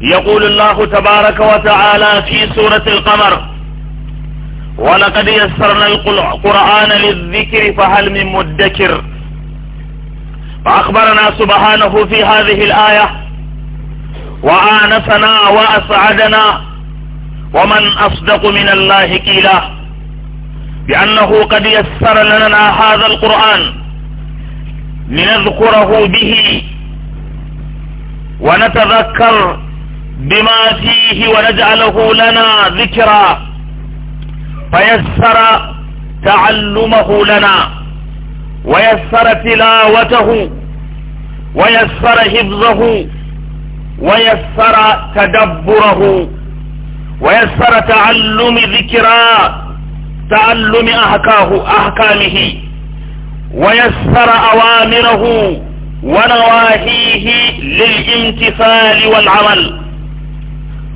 يقول الله تبارك وتعالى في سورة القمر ولقد يسرنا القرآن للذكر فهل من مدكر فأخبرنا سبحانه في هذه الآية وآنفنا وأسعدنا ومن أصدق من الله قيلا بأنه قد يسر لنا هذا القرآن لنذكره به ونتذكر بما فيه ونجعله لنا ذكرا فيسر تعلمه لنا ويسر تلاوته ويسر حفظه ويسر تدبره ويسر تعلم ذكرى تعلم أحكاه أحكامه ويسر أوامره ونواهيه للامتثال والعمل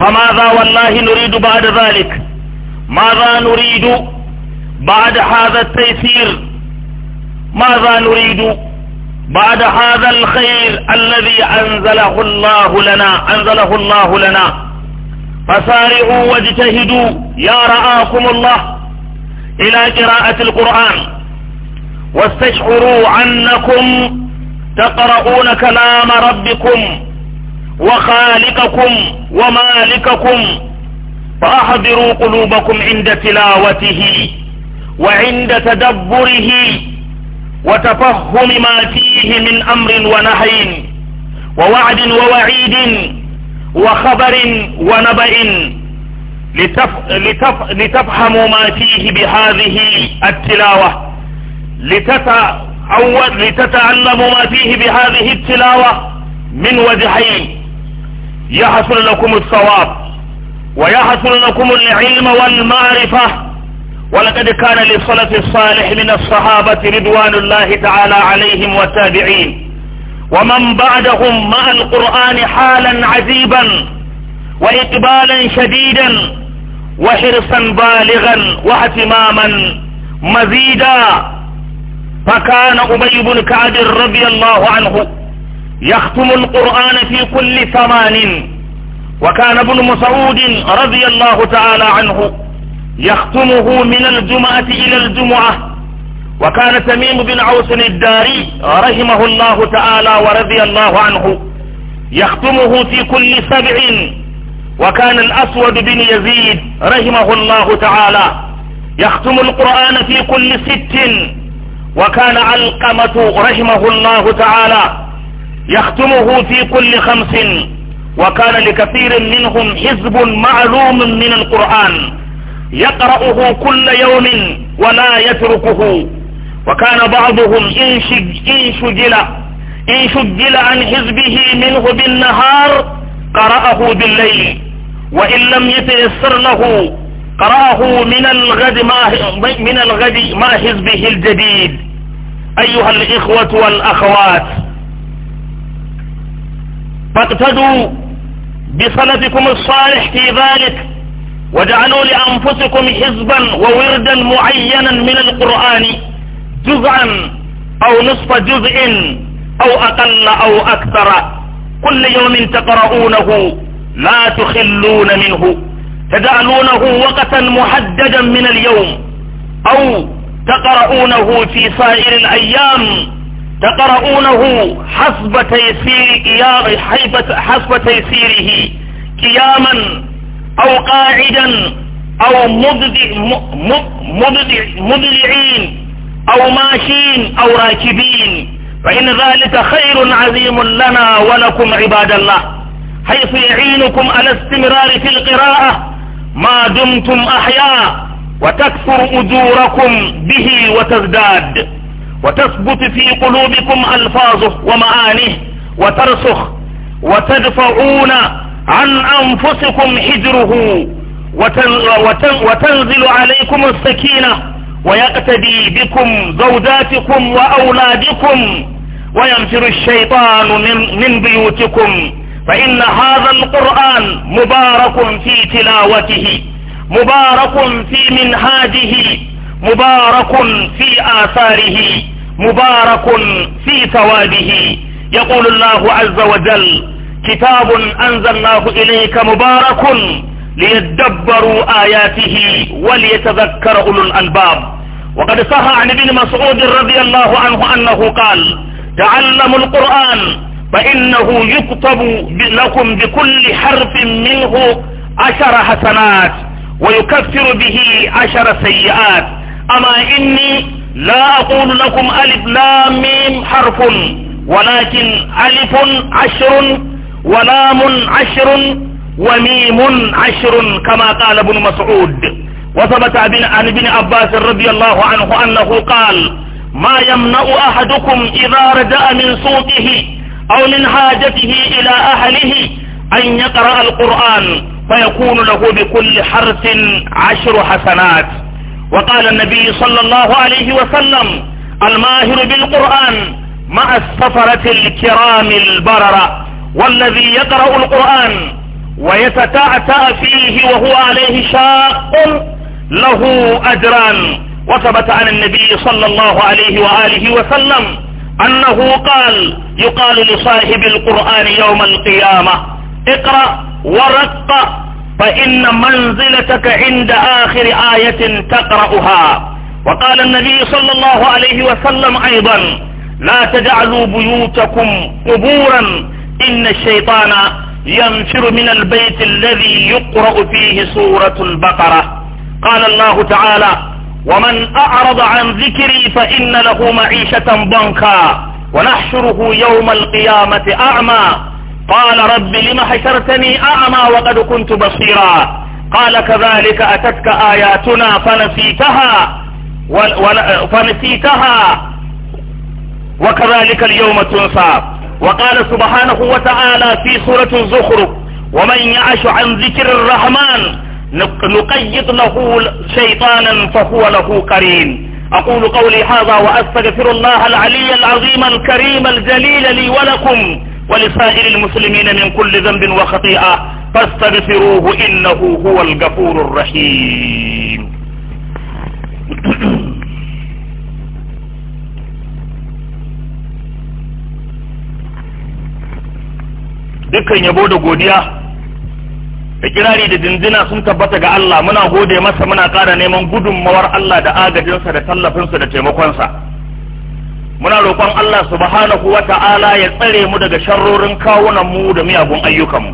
فماذا والله نريد بعد ذلك ماذا نريد بعد هذا التيسير ماذا نريد بعد هذا الخير الذي أنزله الله لنا أنزله الله لنا فسارعوا واجتهدوا يا رآكم الله إلى قراءة القرآن واستشعروا أنكم تقرؤون كلام ربكم وخالقكم ومالككم فأحضروا قلوبكم عند تلاوته وعند تدبره وتفهم ما فيه من أمر ونهي ووعد ووعيد وخبر ونبأ لتف... لتف... لتفهموا ما فيه بهذه التلاوة أو... لتتعلموا ما فيه بهذه التلاوة من وجهين يحصل لكم الصواب ويحصل لكم العلم والمعرفة ولقد كان لصلة الصالح من الصحابة رضوان الله تعالى عليهم والتابعين ومن بعدهم مع القرآن حالا عجيبا وإقبالا شديدا وحرصا بالغا واهتماما مزيدا فكان أبي بن كعب رضي الله عنه يختم القرآن في كل ثمان وكان ابن مسعود رضي الله تعالى عنه يختمه من الجمعة إلى الجمعة وكان تميم بن عوس الداري رحمه الله تعالى ورضي الله عنه يختمه في كل سبع وكان الأسود بن يزيد رحمه الله تعالى يختم القرآن في كل ست وكان علقمة رحمه الله تعالى يختمه في كل خمس وكان لكثير منهم حزب معلوم من القرآن يقرأه كل يوم ولا يتركه وكان بعضهم إن شجل إن شجل عن حزبه منه بالنهار قرأه بالليل وإن لم يتيسر له قرأه من الغد ما من الغد مع حزبه الجديد أيها الإخوة والأخوات فاقتدوا بصلتكم الصالح في ذلك وجعلوا لأنفسكم حزبا ووردا معينا من القرآن جزءا أو نصف جزء أو أقل أو أكثر كل يوم تقرؤونه لا تخلون منه تجعلونه وقتا محددا من اليوم أو تقرؤونه في سائر الأيام تقرؤونه حسب تيسير حسب تيسيره قياما أو قاعدا أو مضلعين أو ماشين أو راكبين فإن ذلك خير عظيم لنا ولكم عباد الله حيث يعينكم على استمرار في القراءة ما دمتم أحياء وتكثر أجوركم به وتزداد وتثبت في قلوبكم ألفاظه ومعانيه وترسخ وتدفعون عن أنفسكم حجره وتنزل عليكم السكينة ويقتدي بكم زوجاتكم وأولادكم وينفر الشيطان من, من بيوتكم فإن هذا القرآن مبارك في تلاوته مبارك في منهاجه مبارك في آثاره مبارك في ثوابه يقول الله عز وجل كتاب أنزلناه إليك مبارك ليدبروا آياته وليتذكر أولو الألباب وقد صح عن ابن مسعود رضي الله عنه أنه قال تعلموا القرآن فإنه يكتب لكم بكل حرف منه عشر حسنات ويكفر به عشر سيئات أما إني لا أقول لكم ألف لام ميم حرف ولكن ألف عشر ولام عشر وميم عشر كما قال ابن مسعود وثبت عن ابن عباس رضي الله عنه أنه قال ما يمنع أحدكم إذا رجع من صوته أو من حاجته إلى أهله أن يقرأ القرآن فيكون له بكل حرف عشر حسنات وقال النبي صلى الله عليه وسلم الماهر بالقرآن مع السفرة الكرام البررة والذي يقرأ القرآن ويتتعتع فيه وهو عليه شاق له أجران وثبت عن النبي صلى الله عليه وآله وسلم أنه قال يقال لصاحب القرآن يوم القيامة اقرأ ورق فإن منزلتك عند آخر آية تقرأها وقال النبي صلى الله عليه وسلم أيضا لا تجعلوا بيوتكم قبورا إن الشيطان ينفر من البيت الذي يقرأ فيه سورة البقرة قال الله تعالى ومن أعرض عن ذكري فإن له معيشة ضنكا ونحشره يوم القيامة أعمى قال رب لم حشرتني أعمى وقد كنت بصيرا قال كذلك أتتك آياتنا فنسيتها فنسيتها وكذلك اليوم تنسى وقال سبحانه وتعالى في سورة الزخرف ومن يعش عن ذكر الرحمن نقيض له شيطانا فهو له قرين أقول قولي هذا وأستغفر الله العلي العظيم الكريم الجليل لي ولكم ولسائر المسلمين من كل ذنب وخطيئة فاستغفروه إنه هو الغفور الرحيم dukkan yabo da godiya da kirari da dindina sun tabbata ga Allah muna gode masa muna ƙara neman gudunmawar Allah da agajinsa da tallafinsa da taimakonsa muna roƙon Allah subhanahu wa ta'ala ya tsare mu daga sharrorin kawunan mu da miyagun ayyukanmu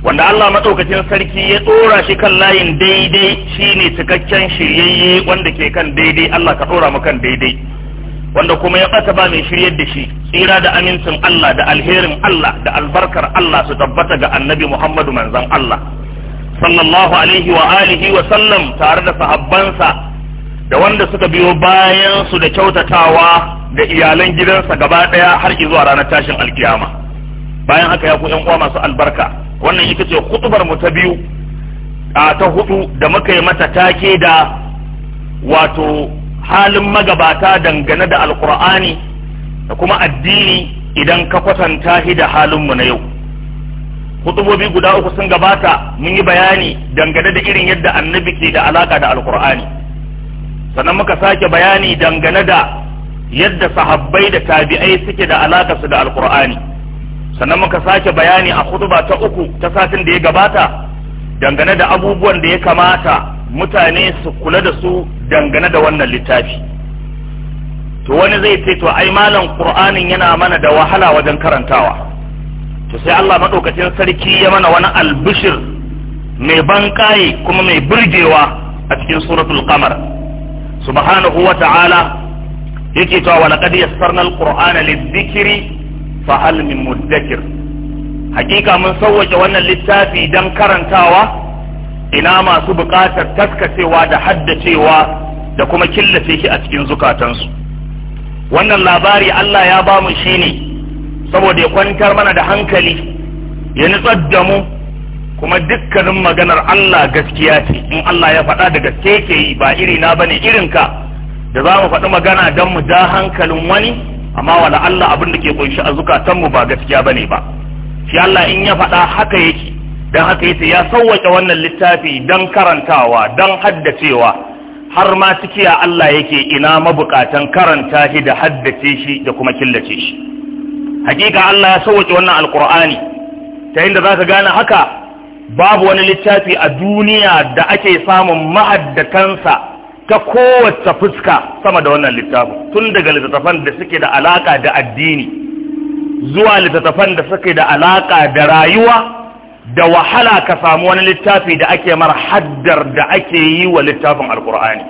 wanda Allah maɗaukacin sarki ya tsora shi kan layin daidai shine cikakken shiryayye wanda ke kan daidai Allah ka tsora mu kan daidai wanda kuma ya ɓata ba mai shiryar da shi tsira da amincin Allah da alherin Allah da albarkar Allah su tabbata ga annabi Muhammadu manzon Allah sallallahu alaihi wa alihi wa sallam tare da sahabbansa da wanda suka biyo bayan su da kyautatawa da iyalan gidansa gaba daya har zuwa ranar tashin alkiyama bayan haka ya ku yan uwa masu albarka wannan ita ce hutubar mu ta biyu a ta hudu da muka yi mata take da wato halin magabata dangane da alkur'ani da kuma addini idan ka kwatanta shi da halinmu na yau hutubobi guda uku sun gabata mun yi bayani dangane da irin yadda annabi ke da alaka da alkur'ani sannan muka sake bayani dangane da yadda sahabbai da tabi'ai suke da alaka su da alqur'ani sannan muka sake bayani a khutba ta uku ta satin da ya gabata dangane da abubuwan da ya kamata mutane su kula da su dangane da wannan littafi to wani zai ce to ai malam qur'anin yana mana da wahala wajen karantawa to sai Allah madaukakin sarki ya mana wani albishir mai ban kuma mai burgewa a cikin suratul qamar subhanahu wa ta'ala yake cewa wa laqad yassarna alqur'ana lidhikri fa hal min mudakkir hakika mun sauwake wannan littafi dan karantawa ina masu buƙatar taskacewa da haddacewa da kuma killace shi a cikin zukatansu wannan labari Allah ya ba mu shi ne saboda ya kwantar mana da hankali ya nutsar da mu kuma dukkanin maganar Allah gaskiya ce in Allah ya faɗa da gaske ke yi ba iri na bane irinka da za mu faɗi magana don mu da hankalin wani amma wala Allah abin da ke kunshi a zukatanmu ba gaskiya bane ba shi Allah in ya faɗa haka yake don haka yace ya sauwaƙe wannan littafi don karantawa don haddacewa har ma cikiya Allah yake ina mabukatan karanta shi da haddace shi da kuma killace shi hakika Allah ya sauwaƙe wannan alqur'ani ta za zaka gane haka babu wani littafi a duniya da ake samun mahaddatansa ta kowace fuska sama da wannan littafin tun daga littattafan da suke da alaka da addini zuwa littattafan da suke da alaka da rayuwa da wahala ka samu wani littafi da ake mara haddar da ake yi wa littafin alkur'ani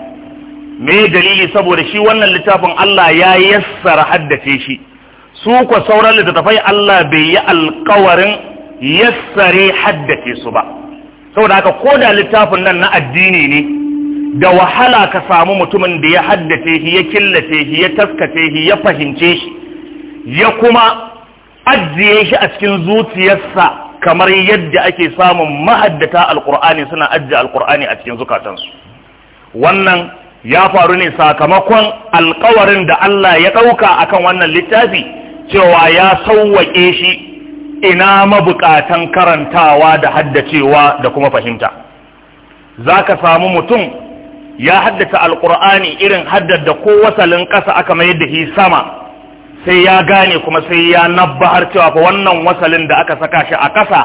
me dalili saboda shi wannan littafin Allah ya yassara haddace shi su ko sauran littattafai Allah bai yi alkawarin yassare haddace su ba saboda haka ko da littafin nan na addini ne da wahala ka samu mutumin da ya haddace shi ya killace shi ya taskace shi ya fahimce shi ya kuma ajiye shi a cikin zuciyarsa kamar yadda ake samun mahaddata alƙur'ani suna ajiye alkur'ani a cikin zukatansu wannan ya faru ne sakamakon alkawarin da Allah ya ɗauka akan wannan littafi cewa ya sauwaƙe shi ina mabukatan karantawa da haddacewa da kuma fahimta za ka samu mutum ya haddace alkur'ani irin haddada ko wasalin ƙasa aka mai da shi sama sai ya gane kuma sai ya nabbahar cewa fa wannan wasalin da aka saka shi a ƙasa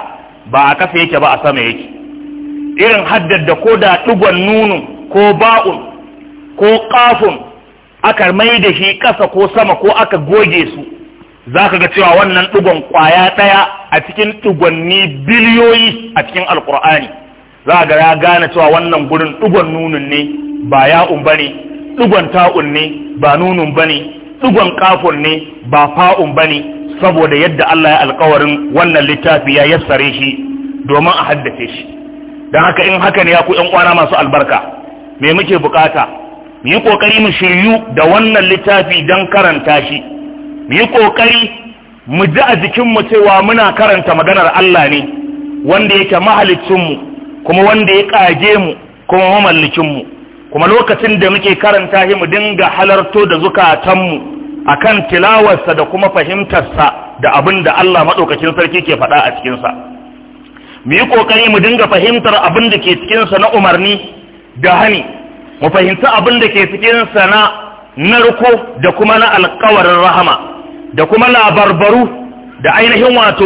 ba a ƙasa yake ba a sama yake irin haddada ko da ɗigon nunu ko ba'un ko ƙafun aka mai da shi ƙasa ko sama ko aka goge su za ka ga cewa wannan ɗigon kwaya ɗaya a cikin ɗigonni biliyoyi a cikin alkur'ani za ga ya gane cewa wannan gurin ɗigon nunun ne ba ya'un ba ne ɗigon ta'un ne ba nunun ba ne ɗigon kafun ne ba fa'un ba ne saboda yadda Allah ya alkawarin wannan littafi ya yassare shi domin a haddace shi don haka in haka ne ya ku kwana masu albarka me muke bukata mu yi ƙoƙari mu shiryu da wannan littafi don karanta shi mu yi kokari mu ji a jikinmu cewa muna karanta maganar Allah ne wanda yake mahalicinmu kuma wanda ya kage mu kuma mamallakinmu kuma lokacin da muke karanta shi mu dinga halarto da zukatanmu akan tilawarsa da kuma fahimtarsa da abin da Allah maɗaukakin sarki ke faɗa a cikinsa mu yi ƙoƙari mu dinga fahimtar abin da ke cikinsa na umarni da hani mu fahimci abin da ke cikinsa na narko da kuma na alkawarin rahama da kuma labarbaru da ainihin wato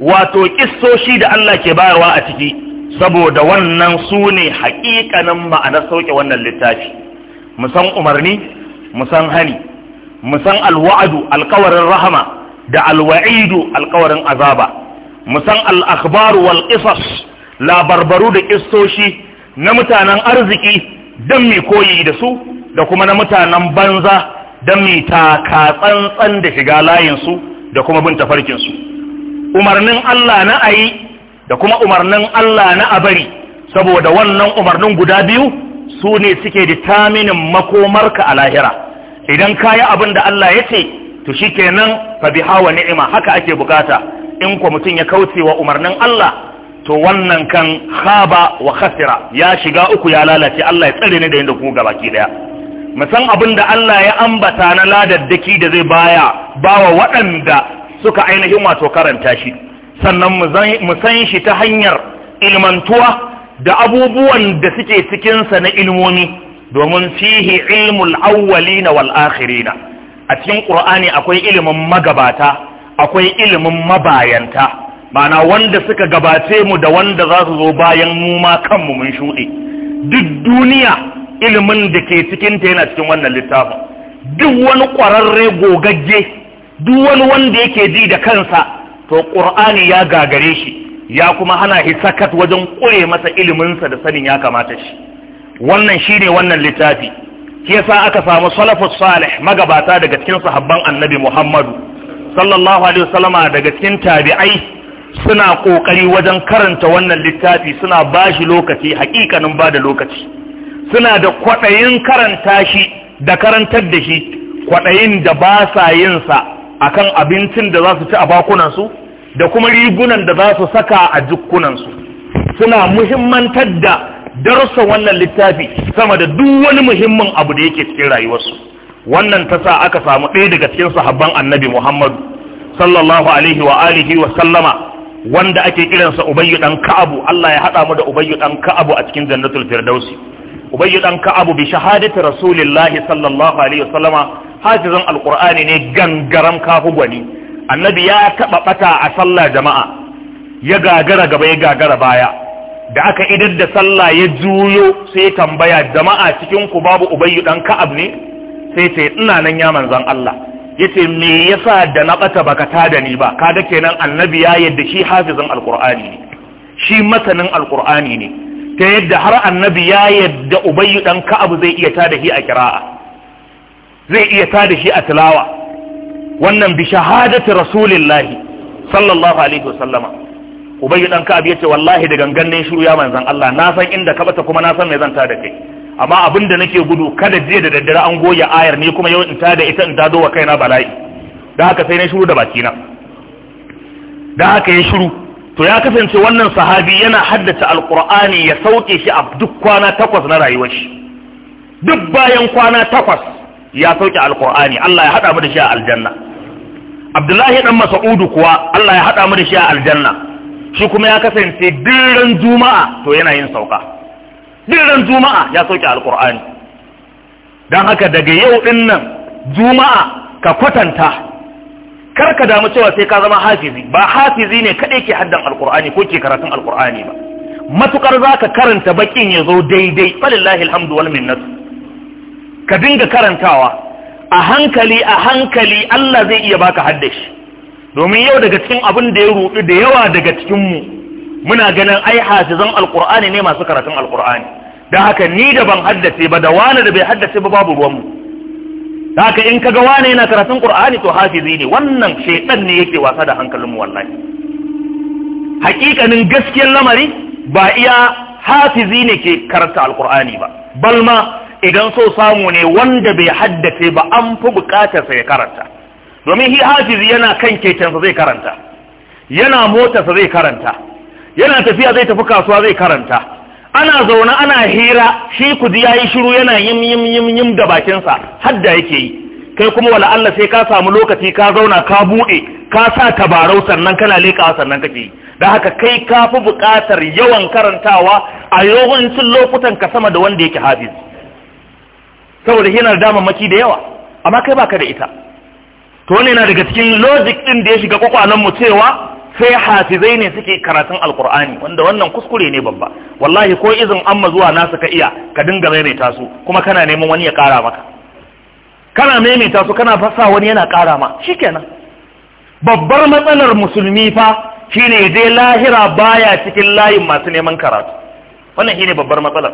wato kissoshi da Allah ke bayarwa a ciki saboda wannan su ne haƙiƙanin ma'anar sauke wannan littafi musan umarni musan hani musan alwa'adu alkawarin rahama da alwa'idu alkawarin azaba musan al'akbaru wal qisas labarbaru da kissoshi na mutanen arziki don mai koyi da su da kuma na mutanen banza don ta ka tsantsan da shiga layinsu da kuma bin tafarkinsu umarnin Allah na ayi da kuma umarnin Allah na abari saboda wannan umarnin guda biyu su ne suke taminin makomarka a lahira idan ka yi abin da Allah ya ce to shi kenan fa biha wa ni'ima haka ake bukata in ko mutum ya kauce wa umarnin Allah to wannan kan khaba wa khasira ya shiga uku ya lalace Allah ya tsare ni da yanda ku gabaki daya musan abin da Allah ya ambata na ladaddaki da zai baya bawa waɗanda suka ainihin wato karanta shi sannan mu san shi ta hanyar ilmantuwa da abubuwan da suke cikinsa na ilmomi domin fihi ilmul na wal akhirina a cikin qur'ani akwai ilimin magabata akwai ilimin mabayanta mana wanda suka gabace mu da wanda za su zo bayan mu ma kanmu mun shuɗe duk duniya ilimin da ke cikin ta yana cikin wannan littafin duk wani kwararre gogagge duk wani wanda yake ji da kansa to ƙur'ani ya gagare shi ya kuma hana hisakat wajen kure masa iliminsa da sanin ya kamata shi wannan shine wannan littafi ke yasa aka samu salafus salih magabata daga cikin sahabban annabi muhammadu sallallahu alaihi wasallama daga cikin tabi'ai suna kokari wajen karanta wannan littafi suna bashi lokaci hakikanin ba da lokaci suna da kwaɗayin karanta shi da karantar da shi kwaɗayin da ba sa yinsa a kan abincin da za su ci a su, da kuma rigunan da za su saka a jikunansu suna muhimmantar da darsa wannan littafi sama da duk wani muhimmin abu da yake cikin rayuwarsu wannan ta sa aka samu ɗaya daga cikin sahabban annabi muhammadu sallallahu alaihi wa alihi wa sallama wanda ake kiransa ubayyu dan ka'abu Allah ya haɗa mu da ubayyu dan ka'abu a cikin jannatul firdausi ubayyu dan ka'abu bi shahadati rasulillahi sallallahu alaihi wasallama hafizan alqur'ani ne gangaram kafu gwani annabi ya taba bata a sallah jama'a ya gagara gaba ya gagara baya da aka idar da sallah ya juyo sai ya tambaya jama'a cikin ku babu ubayyu dan ka'ab ne sai ce ina nan ya manzon Allah yace me yasa da na bata baka tada ni ba kaga kenan annabi ya yadda shi hafizan alqur'ani ne shi masanin alqur'ani ne ta yadda har annabi ya yadda ubayyu dan ka'ab zai iya tada shi a kira'a zai iya tada shi a tilawa wannan bi shahadati rasulillahi sallallahu alaihi wasallama ubayyu dan ka'ab yace wallahi da gangan ne shiru ya manzon Allah na san inda ka bata kuma na san me zan tada kai amma abin da nake gudu kada jiya da daddare an goya ayar ne kuma yau in tada ita in tado wa kaina bala'i da haka sai na shiru da bakina da haka ya shiru to ya kasance wannan sahabi yana haddace alkur'ani ya sauke shi a duk kwana takwas na rayuwar shi duk bayan kwana takwas ya sauke alkur'ani Allah ya haɗa mu da shi a aljanna Abdullahi dan Mas'udu kuwa Allah ya haɗa mu da shi a aljanna shi kuma ya kasance duk juma'a to yana yin sauka Diran juma'a ya sauke alkur'ani dan haka daga yau din nan juma'a ka kwatanta kar ka damu cewa sai ka zama hafizi ba hafizi ne kadai ke haddan alkur'ani ko ke karatun alkur'ani ba matukar ka karanta bakin ya zo daidai falillahi alhamdu wal minnat ka dinga karantawa a hankali a hankali Allah zai iya baka haddashi domin yau daga cikin abin da ya rudu da yawa daga cikin mu muna ganin ai hafizan alkur'ani ne masu karatun alkur'ani dan haka ni da ban haddace ba da wani da bai haddace ba babu ruwan mu naka haka in kaga wane yana karatun qur'ani to hafizi ne wannan shaytan ne yake wasa da hankalinmu wallahi hakikanin gaskiyar lamari ba iya hafizi ne ke karanta alqur'ani ba balma idan so samu ne wanda bai haddace ba an fi bukatar sa ya karanta domin hi hafizi yana kan sa zai karanta yana motarsa zai karanta yana tafiya zai tafi kasuwa zai karanta ana zaune ana hira shi kudi yi shiru yana yim yim yim yim da bakinsa hadda yake yi kai kuma wala Allah sai ka samu lokaci ka zauna ka bude ka sa tabarau sannan kana leka sannan kake yi da haka kai ka fi buƙatar yawan karantawa a yawancin lokutan ka sama da wanda yake hafiz saboda yana da damammaki da yawa amma kai baka da ita to wannan yana daga cikin logic din da ya shiga kwakwalen mu cewa sai hafizai ne suke karatun alkur'ani wanda wannan kuskure ne babba wallahi ko izin amma zuwa nasu ka iya ka dinga maimaita su kuma kana neman wani ya kara maka kana maimaita su kana fasa wani yana kara ma shikenan babbar matsalar musulmi fa shine dai lahira baya cikin layin masu neman karatu wannan shine babbar matsalar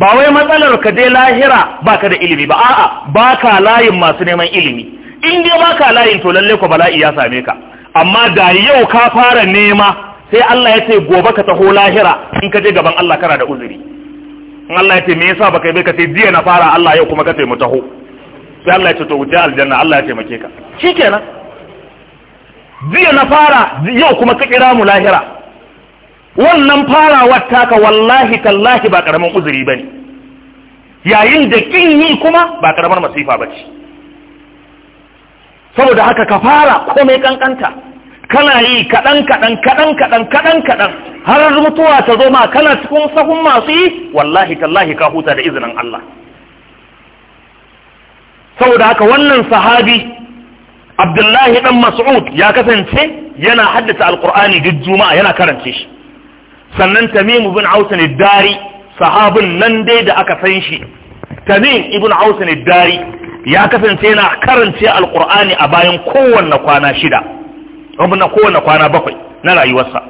ba wai matsalar ka dai lahira baka da ilimi ba a'a baka layin masu neman ilimi in dai baka layin to lalle ko bala'i ya same ka amma da yau ka fara nema sai Allah ya ce gobe ka taho lahira in ka je gaban Allah kana da uzuri in Allah ya ce me yasa baka yi ka ce jiya na fara Allah yau kuma ka ce mu taho sai Allah ya ce to wuce aljanna Allah ya taimake ka shikenan jiya na fara yau kuma ka kira mu lahira wannan wata taka wallahi tallahi ba karaman uzuri bane yayin da kin yi kuma ba karaman masifa bace saboda haka ka fara komai kankanta kana yi kaɗan kaɗan kaɗan kaɗan kaɗan kaɗan har mutuwa ta zo ma kana cikin sahun masu yi wallahi tallahi ka huta da izinin Allah saboda haka wannan sahabi Abdullahi dan Mas'ud ya kasance yana haddasa Alƙur'ani duk juma'a yana karance shi sannan Tamim ibn Aus dari sahabin nan dai da aka san shi Tamim ibn Aus dari ya kasance yana karance alkur'ani a bayan kowanne kwana shida na kowanne kwana bakwai na rayuwarsa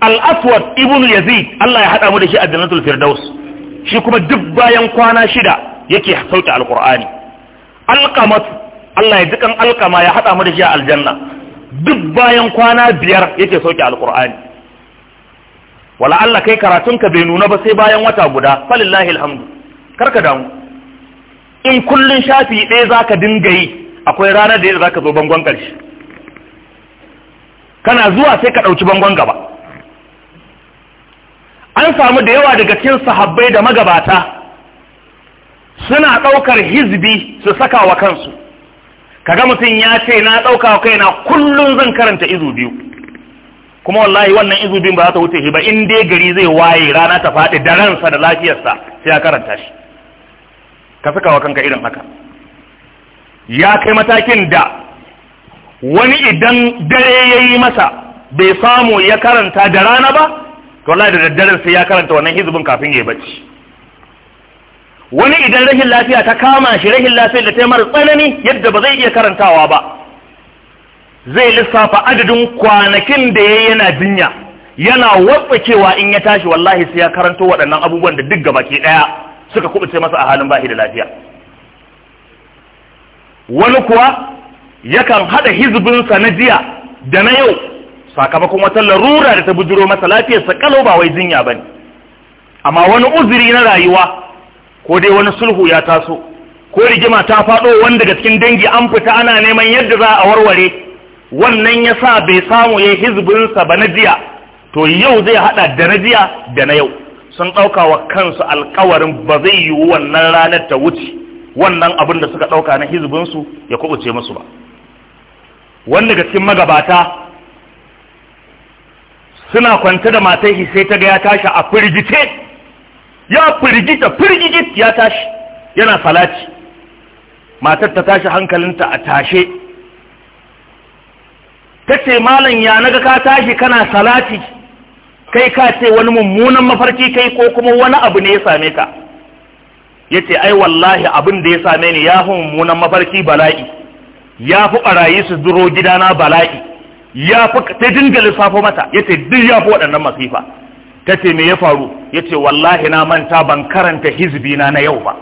al-aswad ibn yazid Allah ya hada mu da shi a jannatul firdaus shi kuma duk bayan kwana shida yake sauke alkur'ani alqamat Allah ya dukan alqama ya hada mu da shi a aljanna duk bayan kwana biyar yake sauke alkur'ani wala Allah kai karatunka bai nuna ba sai bayan wata guda falillahi alhamdu karka damu in kullum shafi ɗaya za ka dinga yi akwai ranar da za ka zo bangon ƙarshe kana zuwa sai ka ɗauki bangon gaba an samu da yawa daga cikin sahabbai da magabata suna ɗaukar hizbi su saka wa kansu ga mutum ya ce na ɗauka wa kaina kullum zan karanta izu biyu kuma wallahi wannan izu biyun ba za ta wuce shi ba in dai gari zai waye rana ta faɗi da ransa da lafiyarsa sai ya karanta shi ka saka wa kanka irin haka ya kai matakin da wani idan dare ya yi masa bai samu ya karanta da rana ba to Allah da daddaren sai ya karanta wannan hizbin kafin ya bacci wani idan rashin lafiya ta kama shi rashin lafiya da ta mara tsanani yadda ba zai iya karantawa ba zai lissafa adadin kwanakin da ya yana jinya yana watsa cewa in ya tashi wallahi sai ya karanto waɗannan abubuwan da duk gaba ke ɗaya suka kubuce masa a halin bahi da lafiya wani kuwa yakan hada hizbinsa na jiya da na yau sakamakon wata larura da ta bujuro masa lafiyarsa kalau ba wai jinya bane amma wani uzuri na rayuwa ko dai wani sulhu ya taso ko rigima ta faɗo wanda daga cikin dangi an fita ana neman yadda za a warware wannan ya sa bai samu ya hizbinsa ba na jiya to yau zai hada da na jiya da na yau sun ɗauka wa kansu alkawarin ba zai yiwu wannan ranar ta wuce wannan abin da suka ɗauka na hizbinsu ya kubuce musu ba wanda ga cikin magabata suna kwanta da matar shi sai ta ga ya tashi a firgice ya firgita firgigit ya tashi yana salati matar ta tashi hankalinta a tashe ta ce malam ya naga ka tashi kana salati kai ka ce wani mummunan mafarki kai ko kuma wani abu ne ya same ka yace ai wallahi abin da ya same ni ya fi mummunan mafarki bala'i ya fi barayi su duro gidana bala'i ya fi ta dinga lissafo mata yace duk ya fi waɗannan masifa ta ce me ya faru yace wallahi na manta ban karanta hizbina na yau ba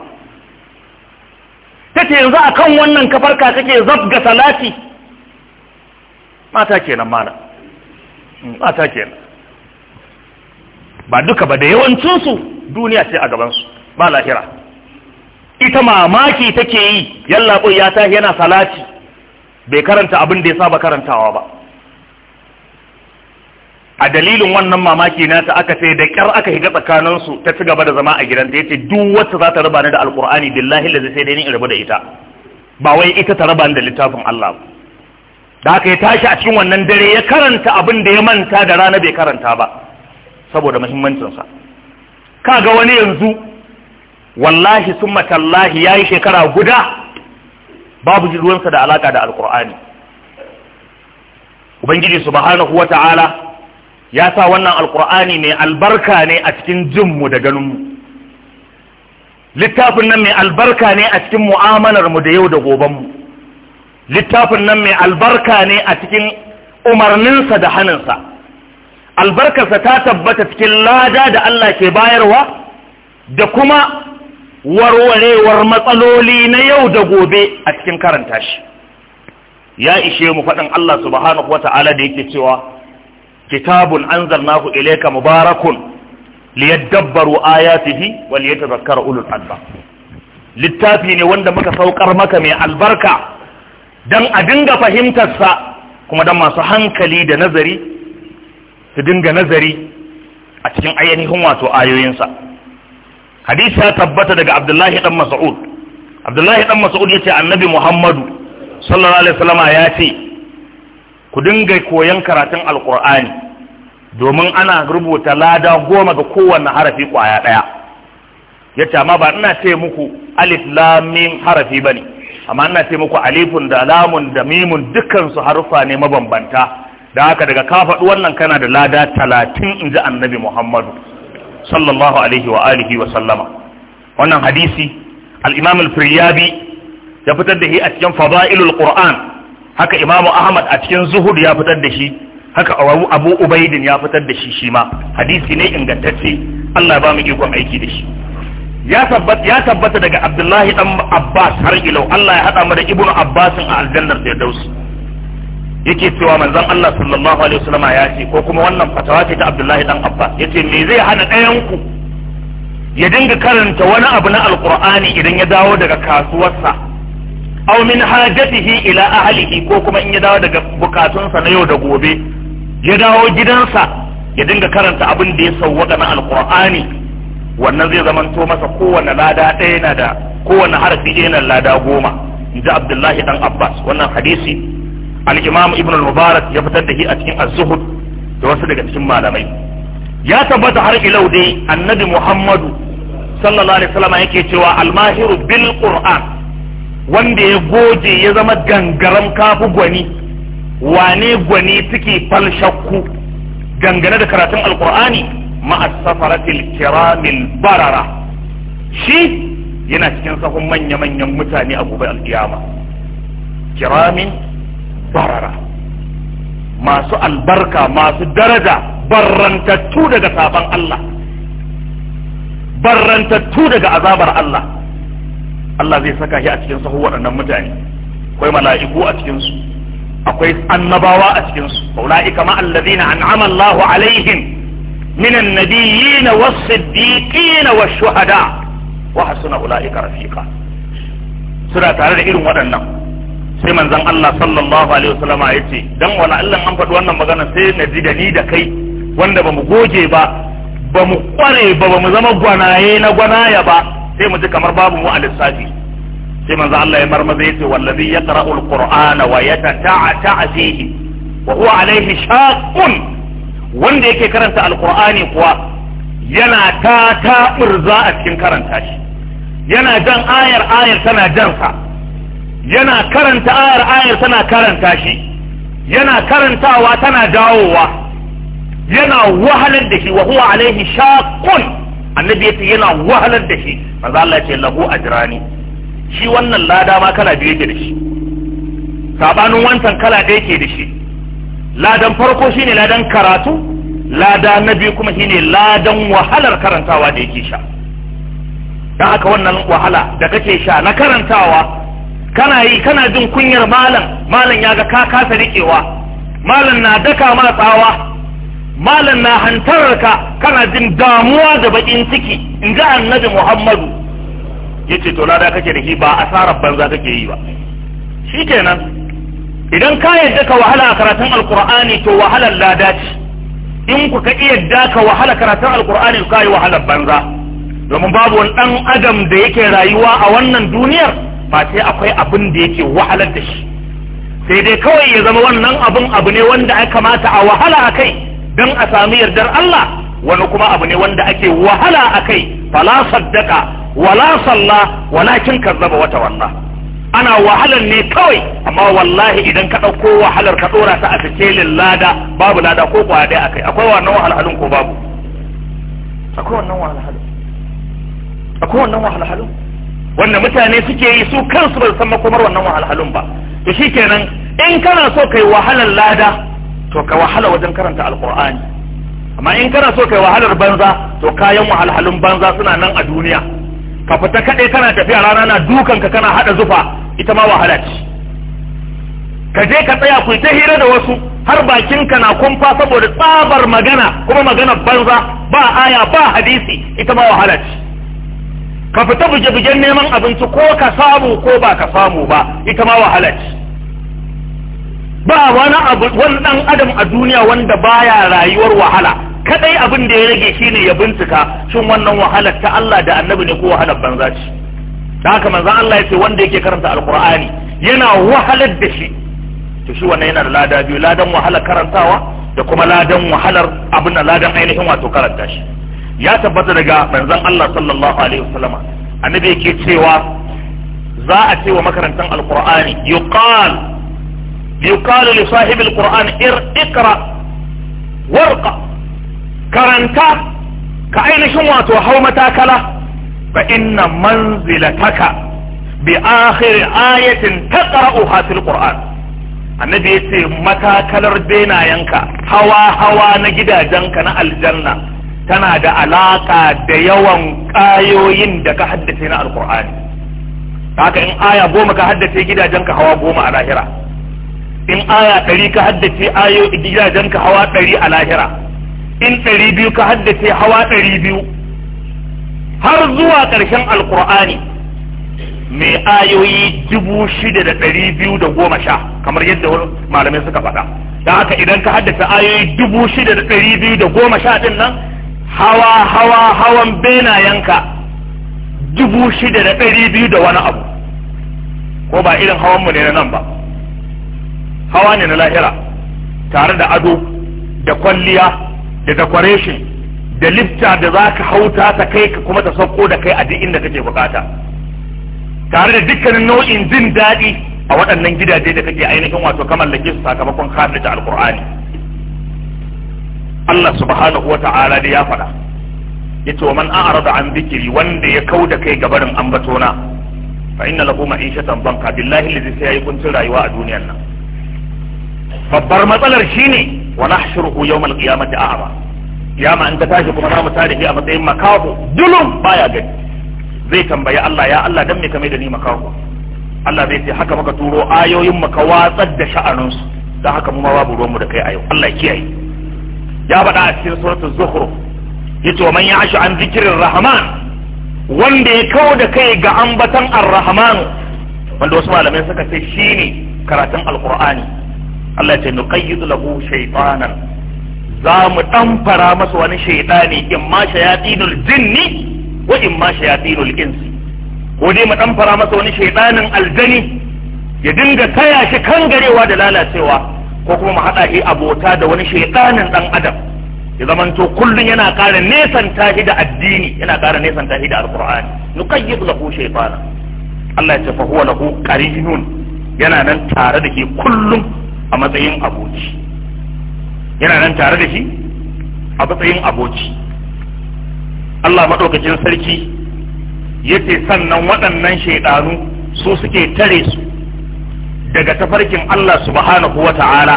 ta ce yanzu akan wannan kafarka kake zafga salati mata kenan mana mata kenan ba duka ba da yawancinsu duniya ce a gabansu ba lahira ita mamaki take yi yalla ya tahi yana salati bai karanta abin da ya saba karantawa ba a dalilin wannan mamaki na ta aka sai da kyar aka higa tsakaninsu ta ci gaba da zama a gidanta ya ce duk wacce za ta raba ni da alkur'ani billahi da sai dai ni in rabu da ita ba wai ita ta raba ni da littafin Allah ba. da aka ya tashi a cikin wannan dare ya karanta abin da ya manta da rana bai karanta ba saboda muhimmancinsa kaga wani yanzu wallahi summa ya yi shekara guda babu ruwansa da alaka da alqur'ani ubangiji subhanahu wata'ala ya sa wannan alqur'ani ne albarka ne a cikin jinmu da ganinmu littafin nan mai albarka ne a cikin mu'amalar mu da yau da gobenmu littafin nan mai albarka ne a cikin umarninsa da haninsa albarkarsa ta tabbata cikin lada da Allah ke bayarwa da kuma warwarewar matsaloli na yau da gobe a cikin karanta shi ya ishe mu faɗin Allah subhanahu ta'ala da yake cewa kitabun anzalnahu ilaika mubarakun liyaddabbaru ayatihi wa liyatadhakkara ulul albab littafi ne wanda muka saukar maka mai albarka dan a dinga fahimtar sa kuma dan masu hankali da nazari su dinga nazari a cikin ainihin wato ayoyinsa hadisi ya tabbata daga abdullahi dan mas'ud abdullahi dan mas'ud yace annabi muhammadu sallallahu alaihi wasallama ya ce ku dinga koyon karatun alqur'ani domin ana rubuta lada goma ga kowanne harafi kwaya daya yace amma ba ina ce muku alif lam mim harafi bane amma ina ce muku alifun da lamun da mimun dukkan su harufa ne mabambanta da haka daga ka faɗi wannan kana da lada talatin in ji annabi muhammadu sallallahu alaihi wa alihi wa sallama wannan hadisi al-imam al-firyabi ya fitar da shi a cikin fada'ilul qur'an haka imamu ahmad a cikin zuhud ya fitar da shi haka abu ubaidin ya fitar da shi shi ma hadisi ne ingantacce Allah ba mu ikon aiki da shi ya tabbata ya tabbata daga abdullahi dan abbas har ilau Allah ya hada mu da ibnu abbasin a aljannar firdaus yake cewa manzon Allah sallallahu alaihi wasallam ya ce ko kuma wannan fatawa ce ta Abdullahi dan ya yace me zai hana ɗayan ku ya dinga karanta wani abu na alqur'ani idan ya dawo daga kasuwarsa aw min hajatihi ila ahlihi ko kuma in ya dawo daga bukatunsa na yau da gobe ya dawo gidansa ya dinga karanta abin da ya sauwaka na alqur'ani wannan zai zamanto masa kowanne lada ɗaya na da kowanne harfi ɗaya na lada goma inji Abdullahi dan Abbas wannan hadisi al-imam ibn al-mubarak ya fitar da shi a cikin az-zuhud da wasu daga cikin malamai ya tabbata har ilau dai annabi muhammadu sallallahu yake cewa al-mahiru bil qur'an wanda ya goje ya zama gangaran kafu gwani wane gwani suke falshakku dangane da karatun alqur'ani ma'a safaratil kiramil barara shi yana cikin sahun manya-manyan mutane a gobe alkiyama kiramin barara masu albarka masu daraja barrantattu daga saban Allah barrantattu daga azabar Allah Allah zai saka shi a cikin sahu waɗannan mutane akwai mala'iku a cikin su akwai annabawa a cikin su ulaika ma allazina an'ama Allah alaihim was-siddiqin النبيين shuhada wa hasuna أولئك rafiqa suna tare da irin waɗannan sai manzon Allah sallallahu alaihi wasallama ya ce dan wala Allah an faɗi wannan magana sai na ji da ni da kai wanda bamu goge ba bamu kware ba bamu zama gwanaye na gwanaya ba sai mu ji kamar babu mu a lissafi sai manzon Allah ya marmaza ya ce wallazi yaqra'ul qur'ana wa yatata'a fihi wa huwa alaihi shaqqun wanda yake karanta alqur'ani kuwa yana ta ta a cikin karanta shi yana jan ayar ayar tana jansa yana karanta ayar ayar tana karanta shi yana karantawa tana dawowa yana wahalar da shi wa huwa alaihi shaqqun annabi yace yana wahalar da shi maza Allah ya ce lahu ajrani shi wannan lada ma kala biyu yake da shi sabanin wancan kala ɗaya yake da shi ladan farko shine ladan karatu lada na biyu kuma shine ladan wahalar karantawa da yake sha dan haka wannan wahala da kake sha na karantawa kana yi kana jin kunyar malam malam ya ga ka kasa riƙewa malam na daka ma tsawa malam na hantarar ka kana jin damuwa da bakin ciki in ji annabi muhammadu ya ce to lada kake da shi ba asarar banza kake yi ba shikenan kenan idan ka yadda ka wahala a karatun alkur'ani to wahalar lada ce in ku ka yadda ka wahala karatun alkur'ani ka yi wahalar banza domin babu wani dan adam da yake rayuwa a wannan duniyar ba sai akwai abin da yake wahalar da shi sai dai kawai ya zama wannan abin abu ne wanda ya kamata a wahala a kai don a sami yardar Allah wani kuma abu ne wanda ake wahala a kai fala saddaka wala salla walakin kazzaba wata wallah ana wahalar ne kawai amma wallahi idan ka ɗauko wahalar ka ɗora ta a sikelin lada babu lada ko kwaya ɗaya akai akwai wannan wahalhalun ko babu akwai wannan wahalhalun akwai wannan wahalhalun wanda mutane suke yi su kansu ba san makomar wannan wahalhalun ba to shikenan in kana so kai wahalar lada to ka wahala wajen karanta alqur'ani amma in kana so kai wahalar banza to kayan wahalhalun banza suna nan a duniya ka fita kadai kana tafiya rana na dukan ka kana hada zufa ita ma wahala ce ka je ka tsaya ku ta hira da wasu har bakin ka na kumfa saboda tsabar magana kuma magana banza ba aya ba hadisi ita ma wahala ce ka fita buge-bugen neman abinci ko ka samu ko ba ka samu ba ita ma wahala ce ba wani abu wani dan adam a duniya wanda baya rayuwar wahala kadai abin da ya rage shine ya bincika shin wannan wahalar ta Allah da annabi ne ko wahalar banza ce da haka manzon Allah ya ce wanda yake karanta alqur'ani yana wahalar da shi to shi wannan yana da lada biyu ladan wahalar karantawa da kuma ladan wahalar abin da ladan ainihin wato karanta shi ya tabbata daga manzon Allah sallallahu alaihi wasallama annabi yake cewa za'a a ce wa makarantan alqur'ani yuqal yuqal li sahibi alqur'an ir iqra karanta ka ainihin wato hau matakala fa inna taka. bi akhir ayatin taqra'uha fil qur'an annabi yace matakalar benayenka hawa hawa na gidajenka na aljanna tana da alaka da yawan ƙayoyin da ka haddace na alƙur'ani haka in aya goma ka haddace gidajen ka hawa goma a lahira in aya ɗari ka haddace ayo gidajen ka hawa ɗari a lahira in ɗari biyu ka haddace hawa ɗari biyu har zuwa ƙarshen alƙur'ani mai ayoyi dubu shida da ɗari biyu da goma sha kamar yadda malamai suka faɗa da haka idan ka haddace ayoyi dubu shida da ɗari biyu da goma sha ɗin nan hawa hawa hawan benayenka dubu shida da ɗari biyu da wani abu ko ba irin hawanmu ne na nan ba hawa ne na lahira tare da ado da kwalliya da decoration da lifta da za ka hauta ta kai ka kuma ta sauko da kai a duk inda kake bukata tare da dukkanin nau'in jin daɗi a waɗannan gidaje da kake ainihin wato kamar mallake su sakamakon karnita alkur'ani Allah subhanahu wa ta'ala da ya faɗa yace wa man a'rada an dhikri wanda ya kauda kai gabarin ambatona fa inna lahu ma'ishatan banka billahi allazi sai yayi kuncin rayuwa a duniyar nan babbar matsalar shine wa nahshuruhu yawm al-qiyamati a'ma kiyama in ta tashi kuma za tarihi a matsayin makaho dulum baya gani zai tambayi Allah ya Allah dan me ka mai da ni makaho Allah zai ce haka muka turo ayoyin maka watsar da sha'aninsu da haka mu ma babu mu da kai a yau Allah kiyaye ya faɗa a cikin suratul zukhruf yace man ya'shu an dhikrir rahman wanda ya kawo da kai ga ambatan ar-rahman wanda wasu malamai suka ce shine karatun alqur'ani Allah ya ce nuqayyidu lahu shaytanan za mu ɗamfara masa wani shaidani in ma shayatinul jinni ko in ma shayatinul insi ko dai mu ɗamfara masa wani shaidanin aljani ya dinga taya shi kangarewa da lalacewa ko kuma mu haɗa shi abota da wani shaidanin ɗan adam ya zamanto kullum yana ƙara ta shi da addini yana ƙara ta shi da alƙur'ani yi lahu shaytana Allah ya ce fa huwa lahu qarinun yana nan tare da shi kullum a matsayin aboci yana nan tare da shi a matsayin aboci Allah madaukakin sarki yace sannan waɗannan shaidanu su suke tare su daga tafarkin Allah subhanahu wa ta'ala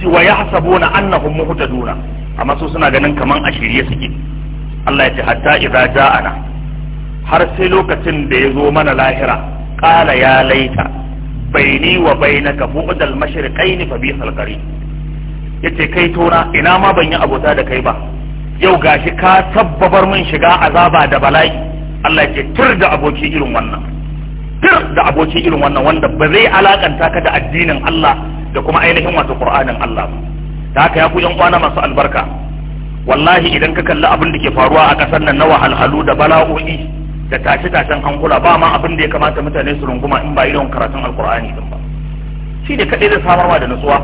wa yahsabuna annahum muhtaduna amma su suna ganin kaman a shirye suke Allah ya ce hatta idza ja'ana har sai lokacin da ya zo mana lahira qala ya laita baini wa bainaka bu'dal mashriqain fa bi halqari yace kai tona ina ma ban yi abota da kai ba yau gashi ka tabbabar min shiga azaba da bala'i Allah ya ce tur da aboki irin wannan tir da aboki irin wannan wanda ba zai alakanta ka da addinin Allah da kuma ainihin wato Qur'anin Allah ta haka ya ku yan kwana masu albarka wallahi idan ka kalli abin da ke faruwa a kasar nan na wahalhalu da bala'o'i da tashe-tashen hankula ba ma abin da ya kamata mutane su runguma in ba irin karatun alkur'ani din ba shi ne kadai zai samarwa da nutsuwa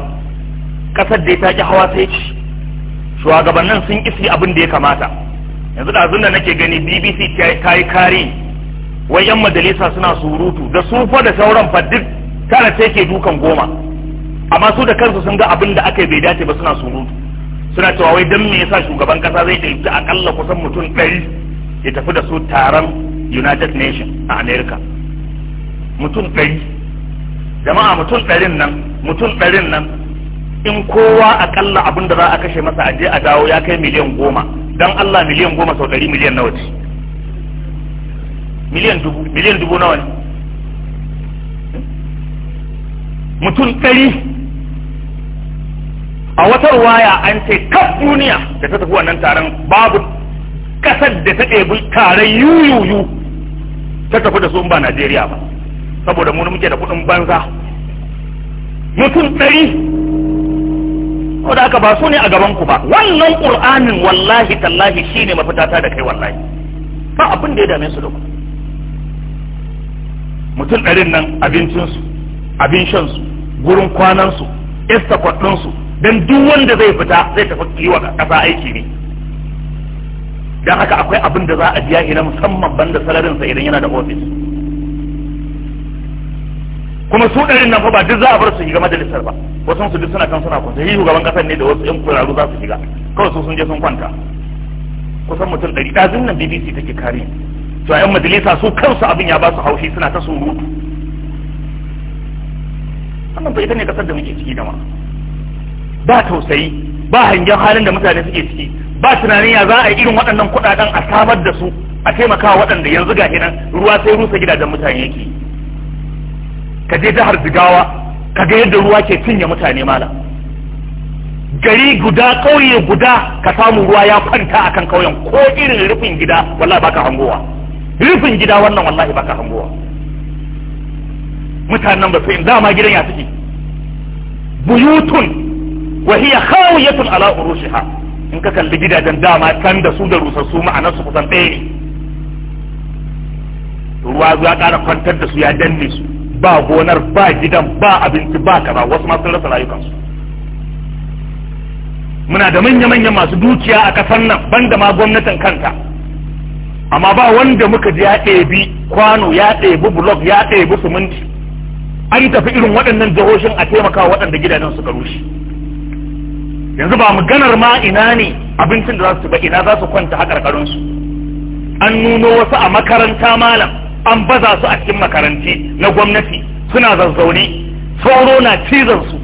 kasar da ta ki hawa sai ci shugabannin sun isi abin da ya kamata yanzu da da nake gani bbc ta yi kari wai yan majalisa suna surutu da su fa da sauran fa duk tara ce ke dukan goma amma su da kansu sun ga abin da aka yi bai dace ba suna surutu suna cewa wai dan me yasa shugaban kasa zai ɗauki akalla kusan mutum ɗari ya tafi da su taron United Nation a America mutum ɗari jama'a mutum ɗarin nan mutum 100 nan in kowa akalla abin da za a kashe masa aje a dawo ya kai miliyan goma dan Allah miliyan goma sau ɗari miliyan nawa ce miliyan dubu miliyan dubu nawa ne mutum ɗari a wata ruwaya an ce kaf duniya da ta tafi wannan taron babu ƙasar da ta ɗebi taron yuyuyu ta tafi da su ba najeriya ba saboda mu muke da kuɗin banza mutum ɗari da aka ba su ne a gaban ku ba wannan ƙur'anin wallahi tallahi shine ta da kai wallahi ba abin da ya dame su da ku mutum ɗarin nan abincinsu abin shansu gurin kwanansu ista kwaɗinsu don duk wanda zai fita zai tafi yi wa ƙasa aiki ne don haka akwai abin da za a biya ina musamman banda salarinsa idan yana da ofis kuma su ɗarin nan fa ba duk za a bar su shiga majalisar ba wasu su duk suna kan suna kwanta shi shugaban ƙasar ne da wasu ƴan kuraru za su shiga kawai su sun je sun kwanta kusan mutum ɗari ɗazin nan bbc take kare to yan majalisa su kansu abin ya ba su haushi suna ta surutu wannan ita ne kasar da muke ciki da ma ba tausayi ba hangen halin da mutane suke ciki ba tunanin ya za a yi irin waɗannan kuɗaɗen a samar da su a taimakawa waɗanda yanzu ga nan ruwa sai rusa gidajen mutane yake ka je jihar jigawa ka ga yadda ruwa ke cinye mutane mala gari guda ƙauye guda ka samu ruwa ya kwanta akan ƙauyen ko irin rufin gida wallahi baka hangowa rufin gida wannan wallahi baka hangowa mutanen ba su in dama gidan ya suke buyutun wa hiya khawiyatun ala urushiha in ka kalli gidajen dama can da su da rusassu ma'anar su kusan ɗaya ne ruwa ya ƙara kwantar da su ya danne su ba gonar ba gidan ba abinci ba kaza wasu ma sun rasa rayukansu muna da manya-manyan masu dukiya a ƙasar nan banda ma gwamnatin kanta amma ba wanda muka ji ya ɗebi kwano ya ɗebi blog ya ɗebi suminti an tafi irin waɗannan jihohin a taimaka waɗanda gidajen suka rushe yanzu ba maganar ma ina ne abincin da za su ba ina za su kwanta ƙarƙarin su an nuno wasu a makaranta malam an baza su a cikin makaranti na gwamnati suna zazzaune sauro na cizon su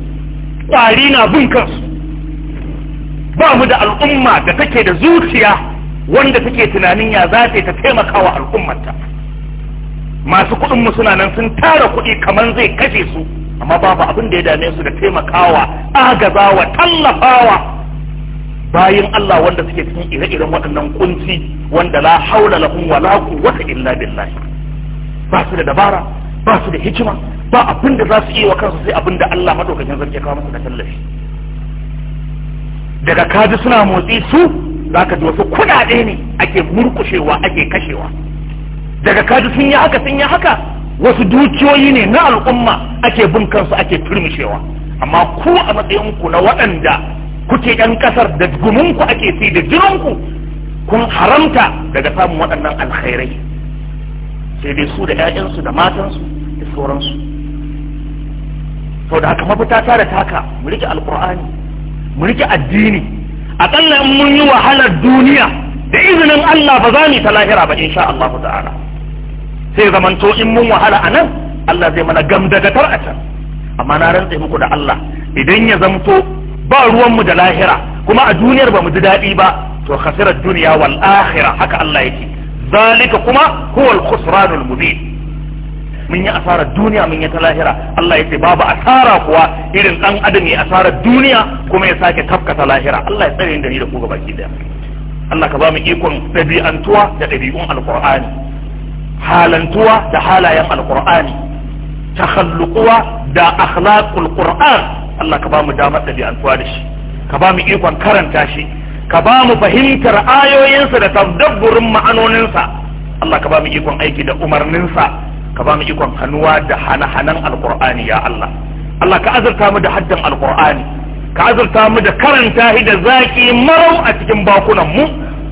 ƙwari na bin kansu ba mu da al'umma da take da zuciya wanda take tunanin ya za ta taimaka wa al'ummarta masu kuɗin mu suna nan sun tara kuɗi kamar zai kashe su amma babu abin da ya dame su da taimakawa agazawa tallafawa Bayan Allah wanda suke cikin ire-iren waɗannan kunci wanda la haula lahum wala quwwata illa billah ba su da dabara ba su da hikima ba abin da za su iya wa kansu sai abin da Allah madaukakin sarki ya kawo musu da tallafi daga kaji suna motsi su za ka ji wasu kuɗaɗe ne ake murkushewa ake kashewa daga kaji sun yi haka sun yi haka wasu dukiyoyi ne na al'umma ake bin kansu ake turmushewa amma ku a matsayinku na waɗanda kuke ɗan ƙasar da guminku ake fi da jininku kun haramta daga samun waɗannan alkhairai sai dai su da 'ya'yansu da matansu da sauransu sau da haka mafita ta da taka mu rike alkur'ani mu rike addini aƙalla in mun yi wahalar duniya da izinin Allah ba za mu ta lahira ba insha Allah ta'ala sai zamanto in mun wahala a nan Allah zai mana tar a can amma na rantse muku da Allah idan ya zamto ba ruwanmu da lahira kuma a duniyar ba mu ji daɗi ba to khasirar duniya wal akhirah haka Allah yake zalika kuma huwa al khusranul mubin mun yi asarar duniya mun yi ta lahira Allah ya ce babu asara kuwa irin dan adam ya asarar duniya kuma ya sake tafkata lahira Allah ya tsare da ni da ku gaba ki daya Allah ka ba mu ikon dabi'antuwa da ɗabi'un alqur'ani halantuwa da halayen alqur'ani takhalluquwa da akhlaqul qur'an Allah ka ba mu damar dabi'antuwa da shi ka ba mu ikon karanta shi ka ba mu fahimtar ayoyinsa da tadabburin ma'anoninsa Allah ka ba mu ikon aiki da umarninsa ka ba mu ikon hannuwa da hana-hanan alkur'ani ya Allah Allah ka azurta mu da haddan alkur'ani ka azurta mu da karanta shi da zaki marau a cikin bakunan mu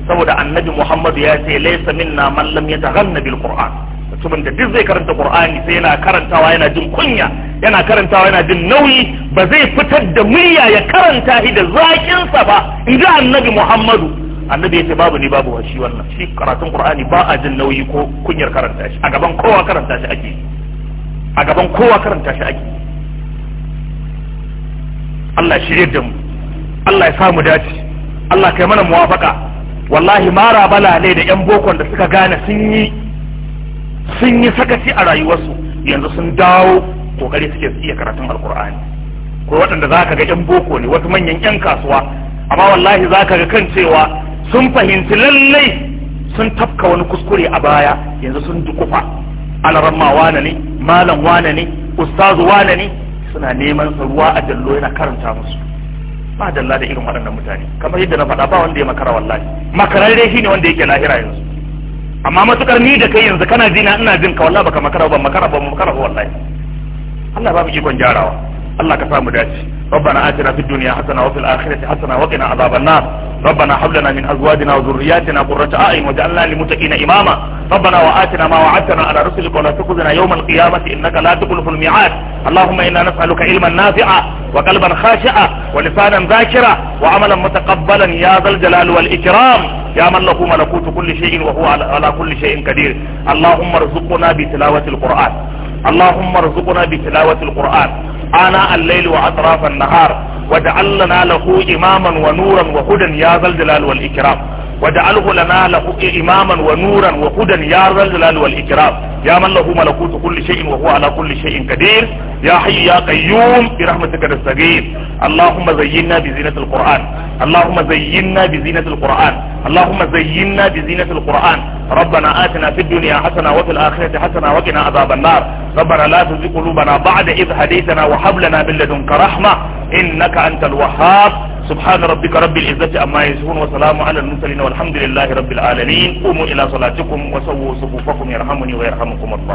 saboda annabi Muhammad ya ce laysa minna man lam yataghanna bil qur'an mutumin da duk zai karanta qur'ani sai yana karantawa yana jin kunya yana karantawa yana jin nauyi ba zai fitar da murya ya karanta shi da zakin sa ba inda annabi Muhammadu annabi yace babu ni babu shi wannan shi karatun qur'ani ba a jin nauyi ko kunyar karanta shi a gaban kowa karanta shi ake a gaban kowa karanta shi ake Allah shi yadda mu Allah ya samu dace Allah kai mana muwafaka wallahi mara bala ne da yan bokon da suka gane sun yi sun yi sakaci a rayuwarsu yanzu sun dawo kokari suke su iya karatun alkur'ani ko waɗanda za ka ga yan boko ne wasu manyan yan kasuwa amma wallahi za ka ga kan cewa sun fahimci lallai sun tafka wani kuskure a baya yanzu sun dukufa alaramma wane ne malam wane ne ustazu wane ne suna neman ruwa a jallo yana karanta musu ba dalla da irin waɗannan mutane kamar yadda na faɗa ba wanda ya makara wallahi makarar dai shine wanda yake lahira yanzu amma matukar ni da kai yanzu kana jina ina jin ka wallahi baka makara ba makara ba makara ba wallahi Allah ba mu ikon jarawa Allah ka samu dace ربنا آتنا في الدنيا حسنة وفي الآخرة حسنة وقنا عذاب النار ربنا هب لنا من أزواجنا وذرياتنا قرة أعين واجعلنا للمتقين إماما ربنا وآتنا ما وعدتنا على رسلك ولا تخزنا يوم القيامة إنك لا تخلف الميعاد اللهم إنا نسألك علما نافعا وقلبا خاشعا ولسانا ذاكرا وعملا متقبلا يا ذا الجلال والإكرام يا من له ملكوت كل شيء وهو على كل شيء قدير اللهم ارزقنا بتلاوة القرآن اللهم ارزقنا بتلاوة القرآن ana alleli wa atrafan nahar wa ja'allana lahu imaman wa nuran wa hudan ya zal jalal wal ikram وجعله لنا له إماما ونورا وهدى يا ذا الجلال والإكرام يا من له ملكوت كل شيء وهو على كل شيء قدير يا حي يا قيوم برحمتك نستغيث اللهم زينا بزينة القرآن اللهم زينا بزينة القرآن اللهم زينا بزينة القرآن ربنا آتنا في الدنيا حسنة وفي الآخرة حسنة وقنا عذاب النار ربنا لا تزغ قلوبنا بعد إذ هديتنا وهب لنا من لدنك رحمة إنك أنت الوهاب سبحان ربك رب العزة أما يصفون وسلام على المرسلين والحمد لله رب العالمين قوموا إلى صلاتكم وسووا صفوفكم يرحمني ويرحمكم الله